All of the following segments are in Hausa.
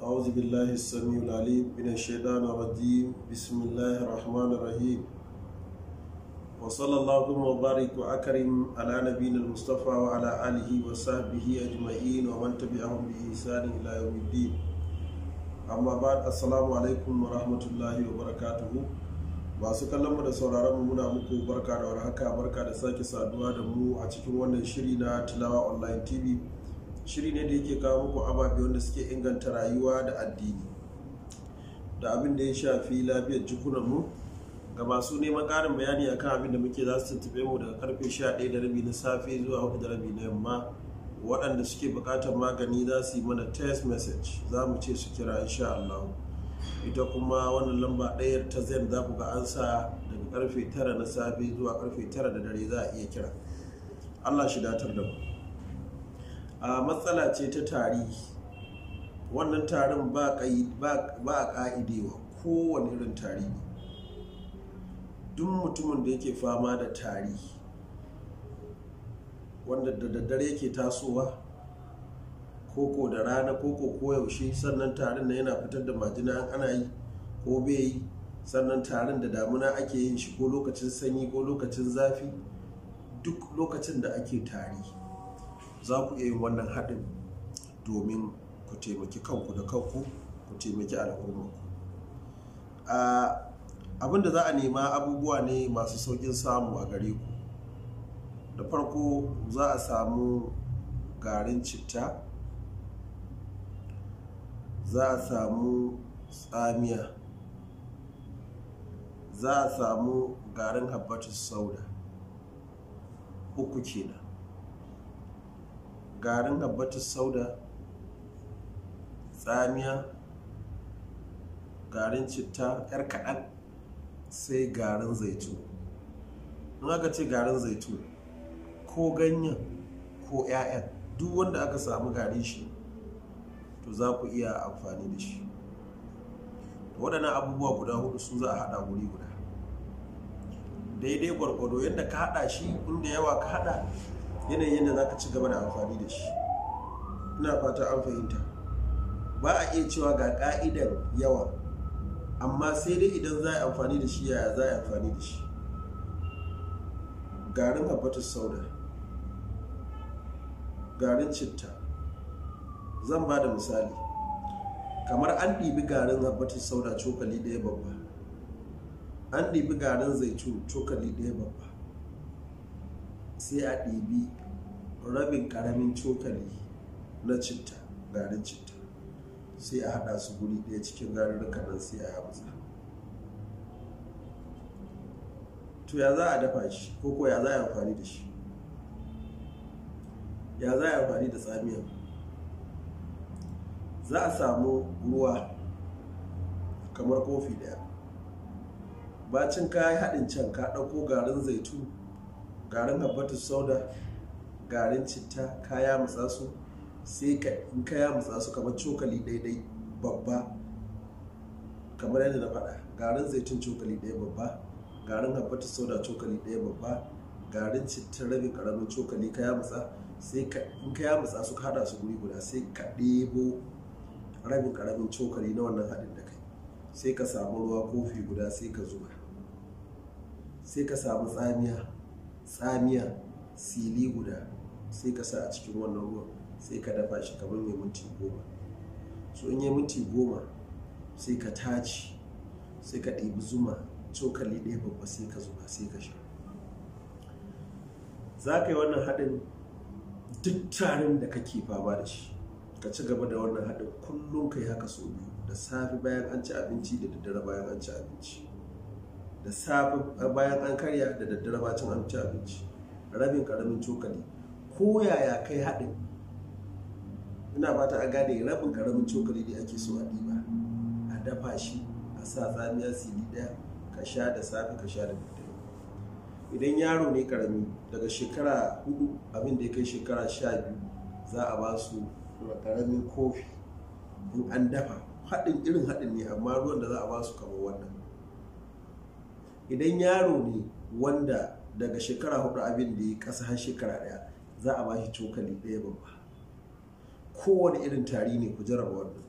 أعوذ بالله السميع العليم من الشيطان الرجيم بسم الله الرحمن الرحيم وصلى الله وبارك وأكرم على نبينا المصطفى وعلى آله وصحبه أجمعين ومن تبعهم بإحسان إلى يوم الدين أما بعد السلام عليكم ورحمة الله وبركاته masu kallon mu da sauraron mu muna muku barka da warhaka barka da sake saduwa da mu a cikin wannan shiri na tilawa online tv shiri ne da yake kawo muku ababe wanda suke inganta rayuwa da addini da abin da ya shafi lafiyar mu? ga masu neman ƙarin bayani a kan abin da muke za su tuntube mu daga karfe 11 da rabi na safe zuwa 4 na yamma waɗanda suke buƙatar magani za su yi mana text message za mu ce su kira insha Allah ita kuma wannan lamba ɗayar ta zen za ku ga an sa daga karfe 9 na safe zuwa karfe 9 da dare za a iya kira Allah shi datar da mu a matsala ce ta tari wannan tarin ba a ƙa'idewa kowane irin tari ne duk mutumin da yake fama da tari wanda da daddare yake tasowa koko da rana koko koyaushe sannan tarin na yana fitar da majina ana yi ko bai yi sannan tarin da damuna ake yin shi ko lokacin sanyi ko lokacin zafi duk lokacin da ake tari za ku iya yin wannan haɗin domin ku taimaki kanku da kanku ku taimaki al'ummarku abin da za a nema abubuwa ne masu saukin samu a gare ku da farko za a samu garin citta za a samu tsamiya za a samu garin habbatus sauda uku kenan garin abbatus sauda tsamiya garin citta yar kaɗan sai garin zaitu in aka ce garin zaitu ko ganyen ko 'ya'yan duk wanda aka samu gari shi to za ku iya amfani da shi waɗannan abubuwa guda hudu sun za a haɗa guri guda daidai gwargwado yadda ka haɗa shi inda yawa ka haɗa yanayin yadda za ka ci gaba da amfani da shi ina fata an fahimta ba a iya cewa ga ka'idar yawa amma sai dai idan za a yi amfani da shi yaya za a yi amfani da shi garin habbatus sauda garin citta zan ba da misali kamar an ɗibi garin habbatus sauda cokali ɗaya babba an ɗibi garin zaitun cokali ɗaya babba sai a ɗibi rabin ƙaramin cokali na citta garin citta sai a haɗa su guri ɗaya cikin garurruka nan sai a hamsa to ya za a dafa shi ko ko ya za a yi amfani da shi ya za a yi amfani da tsamiya za a samu ruwa kamar kofi ɗaya bacin ka yi haɗin can ka ɗauko garin zaitun. garin abbatu sauda garin citta kaya mutsa su sai ka in kaya mutsa su kamar cokali daidai babba kamar yadda na faɗa garin zaitun cokali ɗaya babba garin abbatu sauda cokali ɗaya babba garin citta rabin karamin cokali kaya mutsa sai ka in kaya mutsa su ka haɗa su guri guda sai ka ɗebo rabin karamin cokali na wannan haɗin da kai sai ka samu ruwa kofi guda sai ka zuba sai ka samu tsamiya tsamiya sili guda sai ka sa a cikin wannan ruwan sai ka dafa shi kamar mai minti goma so in yi minti goma sai ka taci sai ka ɗibi zuma cokali ɗaya babba sai ka zuba sai ka sha za ka yi wannan haɗin duk tarin da kake fama da shi ka ci gaba da wannan haɗin kullum ka yi haka sau biyu da safe bayan an ci abinci da daddare bayan an ci abinci da safe bayan an karya da daddare bacin an abinci abinci rabin karamin cokali ko yaya kai haɗin ina fata a gane rabin karamin cokali ne ake so a ɗiba a dafa shi a sa tsamiya sili ɗaya ka sha da safe ka sha da daddare idan yaro ne karami daga shekara hudu abin da ya kai shekara sha biyu za a ba su karamin kofi in an dafa haɗin irin haɗin ne amma ruwan da za a ba su kamar wannan idan yaro ne wanda daga shekara hudu abin da ya kasa har shekara daya za a bashi cokali daya babba kowane irin tari ne ku jarraba wannan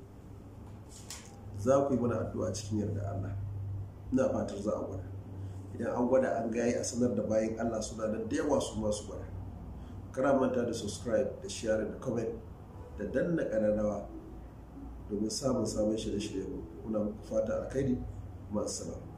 za ku yi mana addu'a cikin yarda Allah ina fatar za a gwada idan an gwada an gaye a sanar da bayan Allah suna da yawa su masu gwada kana manta da subscribe da share da comment da danna kararrawa domin samun sabon shirye-shirye kuna muku fata alkhairi masu salama